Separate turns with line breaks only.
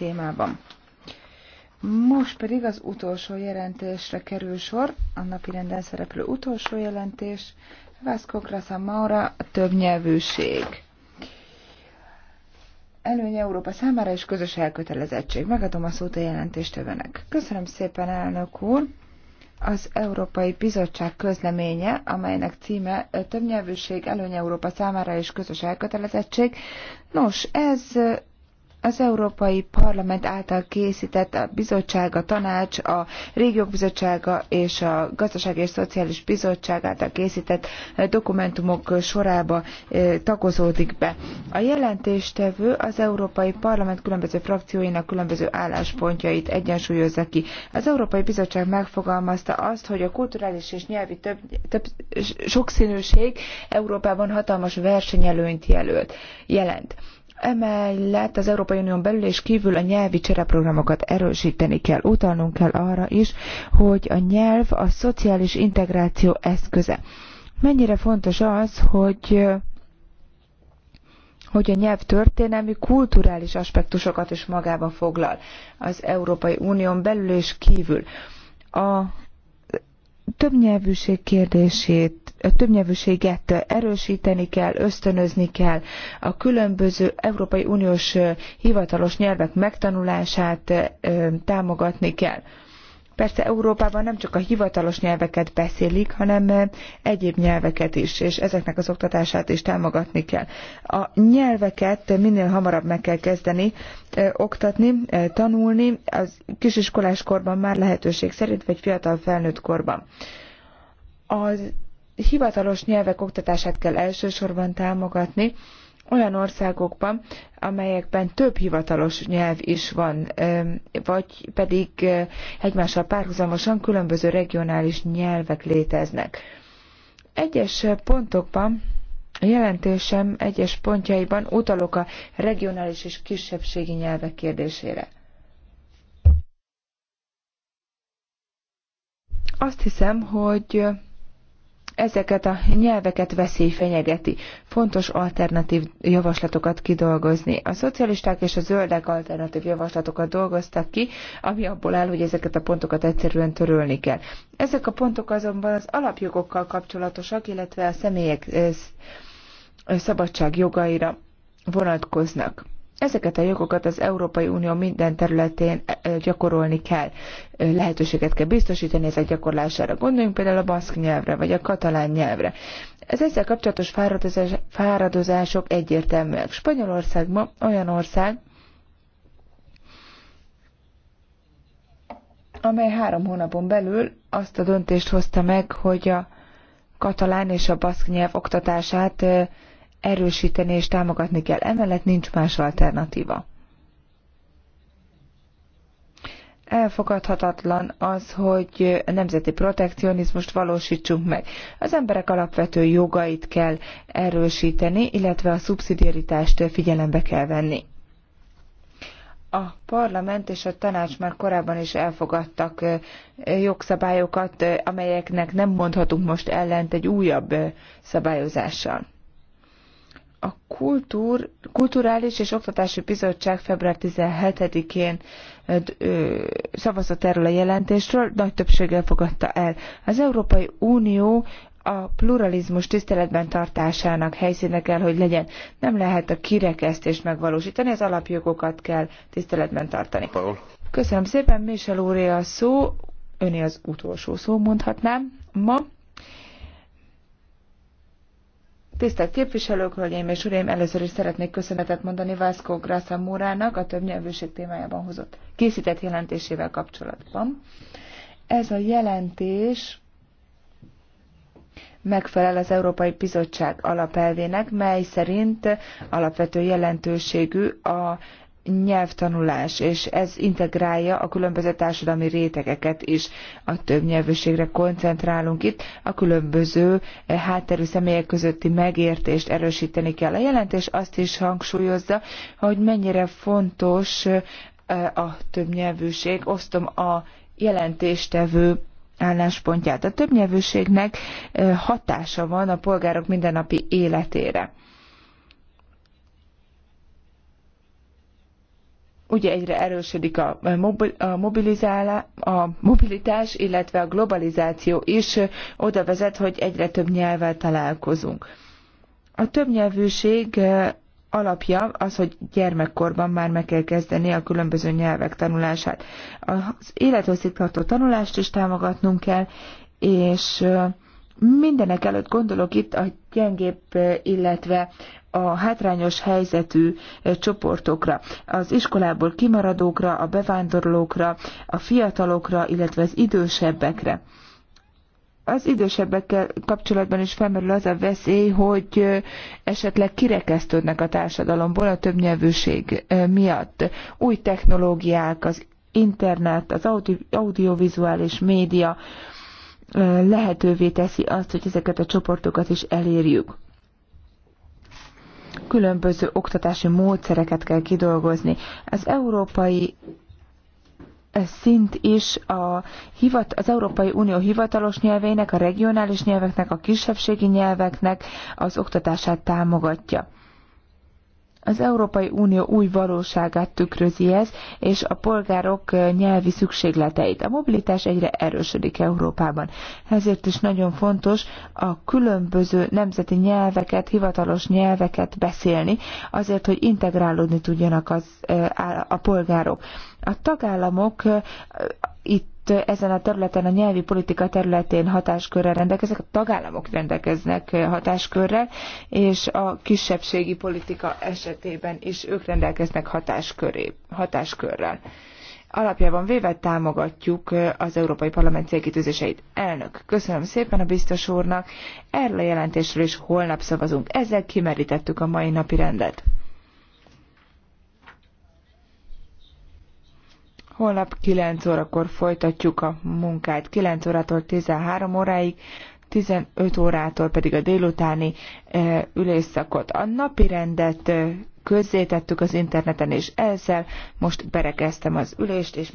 témában. Most pedig az utolsó jelentésre kerül sor, a napi renden szereplő utolsó jelentés, Vasco Krasa Maura, a többnyelvűség. Előny Európa számára és közös elkötelezettség. Megadom a szót a övenek. Köszönöm szépen, elnök úr! az Európai Bizottság közleménye, amelynek címe Többnyelvűség előny Európa számára és közös elkötelezettség. Nos, ez az Európai Parlament által készített a bizottság, a tanács, a régiók bizottsága és a gazdasági és szociális bizottság által készített eh, dokumentumok sorába eh, tagozódik be. A jelentéstevő az Európai Parlament különböző frakcióinak különböző álláspontjait egyensúlyozza ki. Az Európai Bizottság megfogalmazta azt, hogy a kulturális és nyelvi több, több, sokszínűség Európában hatalmas versenyelőnyt jelölt, jelent. Emellett az Európai Unión belül és kívül a nyelvi csereprogramokat erősíteni kell. Utalnunk kell arra is, hogy a nyelv a szociális integráció eszköze. Mennyire fontos az, hogy hogy a nyelv történelmi, kulturális aspektusokat is magába foglal az Európai Unión belül és kívül. A többnyelvűség kérdését, a többnyelvűséget erősíteni kell, ösztönözni kell, a különböző Európai Uniós hivatalos nyelvek megtanulását támogatni kell. Persze Európában nem csak a hivatalos nyelveket beszélik, hanem eh, egyéb nyelveket is, és ezeknek az oktatását is támogatni kell. A nyelveket minél hamarabb meg kell kezdeni eh, oktatni, eh, tanulni, az kisiskolás korban már lehetőség szerint, vagy fiatal felnőtt korban. Az hivatalos nyelvek oktatását kell elsősorban támogatni, olyan országokban, amelyekben több hivatalos nyelv is van, vagy pedig egymással párhuzamosan különböző regionális nyelvek léteznek. Egyes pontokban a jelentésem egyes pontjaiban utalok a regionális és kisebbségi nyelvek kérdésére. Azt hiszem, hogy ezeket a nyelveket veszély fenyegeti. Fontos alternatív javaslatokat kidolgozni. A szocialisták és a zöldek alternatív javaslatokat dolgoztak ki, ami abból áll, hogy ezeket a pontokat egyszerűen törölni kell. Ezek a pontok azonban az alapjogokkal kapcsolatosak, illetve a személyek eh, szabadság jogaira vonatkoznak. Ezeket a jogokat az Európai Unió minden területén e, e, gyakorolni kell. Lehetőséget kell biztosítani ezek gyakorlására. Gondoljunk például a baszk nyelvre, vagy a katalán nyelvre. Ez ezzel kapcsolatos fáradozások egyértelműek. Spanyolország ma olyan ország, amely három hónapon belül azt a döntést hozta meg, hogy a katalán és a baszk nyelv oktatását erősíteni és támogatni kell. Emellett nincs más alternatíva. elfogadhatatlan az, hogy nemzeti protekcionizmust valósítsunk meg. Az emberek alapvető jogait kell erősíteni, illetve a szubszidiaritást figyelembe kell venni. A parlament és a tanács már korábban is elfogadtak jogszabályokat, amelyeknek nem mondhatunk most ellent egy újabb szabályozással a Kultúr, Kulturális és Oktatási Bizottság február 17-én szavazott erről a jelentésről, nagy többséggel fogadta el. Az Európai Unió a pluralizmus tiszteletben tartásának helyszíne kell, hogy legyen. Nem lehet a kirekesztést megvalósítani, az alapjogokat kell tiszteletben tartani. Paul. Köszönöm szépen, Michel úré a szó, öné az utolsó szó mondhatnám ma. Tisztelt képviselők, hölgyeim és uraim, először is szeretnék köszönetet mondani Vászkó Grásza Mórának a több nyelvűség témájában hozott készített jelentésével kapcsolatban. Ez a jelentés megfelel az Európai Bizottság alapelvének, mely szerint alapvető jelentőségű a nyelvtanulás, és ez integrálja a különböző társadalmi rétegeket is. A többnyelvűségre koncentrálunk itt, a különböző eh, hátterű személyek közötti megértést erősíteni kell. A jelentés azt is hangsúlyozza, hogy mennyire fontos eh, a többnyelvűség. Osztom a jelentéstevő álláspontját. A többnyelvűségnek eh, hatása van a polgárok mindennapi életére. ugye egyre erősödik a, mobilizálá, a mobilitás, illetve a globalizáció is oda vezet, hogy egyre több nyelvvel találkozunk. A többnyelvűség alapja az, hogy gyermekkorban már meg kell kezdeni a különböző nyelvek tanulását. Az élethosszígtartó tanulást is támogatnunk kell, és Mindenek előtt gondolok itt a gyengébb, eh, illetve a hátrányos helyzetű eh, csoportokra, az iskolából kimaradókra, a bevándorlókra, a fiatalokra, illetve az idősebbekre. Az idősebbekkel kapcsolatban is felmerül az a veszély, hogy eh, esetleg kirekesztődnek a társadalomból a többnyelvűség miatt. Új technológiák, az internet, az audiovizuális média, lehetővé teszi azt, hogy ezeket a csoportokat is elérjük. Különböző oktatási módszereket kell kidolgozni. Az európai szint is a hivat, az Európai Unió hivatalos nyelveinek, a regionális nyelveknek, a kisebbségi nyelveknek az oktatását támogatja. Az Európai Unió új valóságát tükrözi ez, és a polgárok nyelvi szükségleteit. A mobilitás egyre erősödik Európában. Ezért is nagyon fontos a különböző nemzeti nyelveket, hivatalos nyelveket beszélni, azért, hogy integrálódni tudjanak az, a polgárok. A tagállamok itt ezen a területen, a nyelvi politika területén hatáskörrel rendelkeznek, a tagállamok rendelkeznek hatáskörrel, és a kisebbségi politika esetében is ők rendelkeznek hatásköré, hatáskörrel. Alapjában véve támogatjuk az Európai Parlament célkitűzéseit. Elnök, köszönöm szépen a biztos úrnak. Erről a jelentésről is holnap szavazunk. Ezzel kimerítettük a mai napi rendet. Holnap 9 órakor folytatjuk a munkát, 9 órától 13 óráig, 15 órától pedig a délutáni e, ülésszakot. A napi rendet e, közzétettük az interneten, és ezzel most berekeztem az ülést, és